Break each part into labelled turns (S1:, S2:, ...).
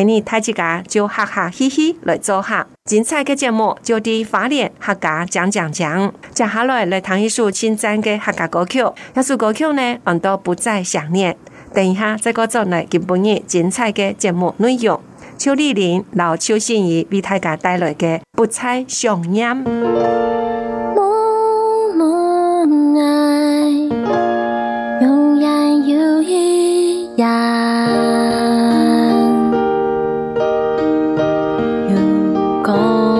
S1: 給你太吉家就哈哈嘻嘻來做客，精彩的節目就滴華聯客家講講講，接下來來談一首新唱嘅客家歌曲，一首歌曲呢我都不再想念。等一下再個鐘來，吉不尼精彩嘅節目內容，邱麗玲、老邱新怡為大家帶來嘅《不再想念》。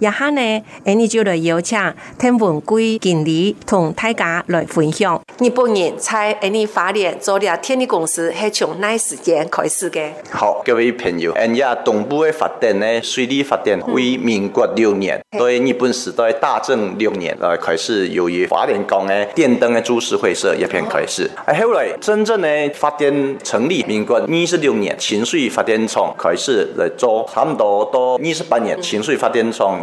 S1: 一下呢？而你就來邀請鄧文貴經理同大家來分享。日本人在印尼發電做了電力公司是從哪時間開始的？
S2: 好，各位朋友，印尼東部的發電呢？水利發電為民國六年，嗯、對日本時代大正六年來、呃、開，開始。由於花蓮港的電燈的株式會社一片開始。啊，後來真正的發電成立，民國二十六年清水發電廠開始來做，差不多到二十八年清水、嗯、發電廠。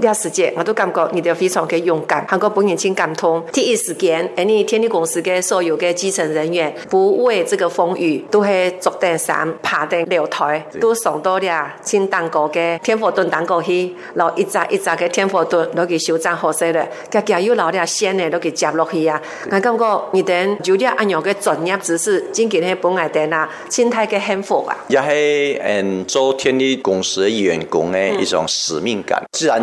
S1: 第一時間我都感覺你哋非常嘅勇敢，韓國本年前感痛，第一時間，而你台電公司嘅所有嘅基層人員，不畏這個風雨，都係竹登山、爬頂樓台，對都上到啲青藏高過天佛墩登過去，然後一扎一扎嘅天佛墩，落去修棧好晒啦，加加又老啲先嘅落去接落去啊！我感覺你等酒店阿娘嘅專業知識，真係係本嚟點啊，真係嘅幸福啊！
S2: 也係嗯，做台電公司員工嘅一種使命感，自然。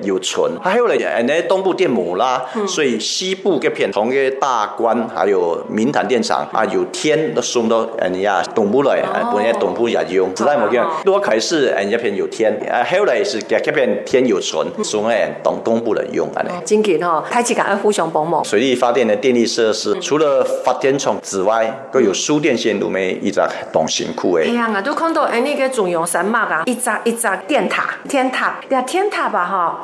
S2: 有純，還有嘞，哎，那東部電母啦，所以西部這片，同一個大關還有明潭電廠啊，有天都送到哎呀，東部來，本來東部也用，只在某間，多開始哎一片有天，哎後來是佮一片天有純，送到哎東東部來用，安尼。
S1: 真嘅吼，開始佮佮互相
S2: 幫忙。水力發電的電力設施，除了發電廠之外，佮有輸電線路咩？一只東辛苦誒。哎呀，
S1: 我都看到哎你嘅中央山脈啊，一隻一隻電塔，天塔，叫天塔吧哈。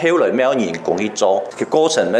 S2: 後來冇人工去做嘅過程呢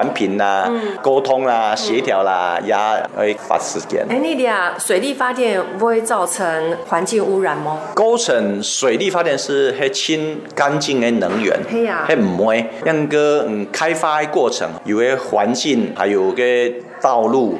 S2: 產品啦，溝通啦、啊，協調啦，也、啊嗯、會花時間。哎、欸，
S1: 你哋啊，水力發電不會造成環境污染嗎？
S2: 構成水力發電是很清乾淨的能源，係啊，係唔會。但個開發嘅過程，有嘅環境，還有個道路。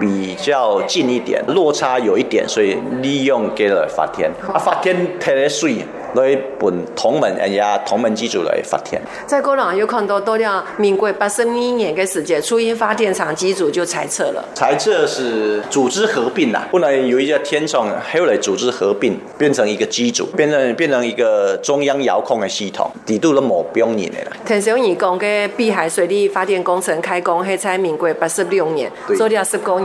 S2: 比較近一點，落差有一點，所以利用給了發電。啊，發電別水，來本同門人家，啊、同門機組來發電。
S1: 再過兩，有看到到了民國八十一年嘅時間，初音發電廠機組就裁撤了。
S2: 裁撤是組織合併啦，啊，對不能有一家電廠後來組織合併，變成一個機組，變成變成一個中央遙控的系統，底度都冇半年咧啦。
S1: 田小義講，嘅碧海水力發電工程開工係在民國八十六年，做了十公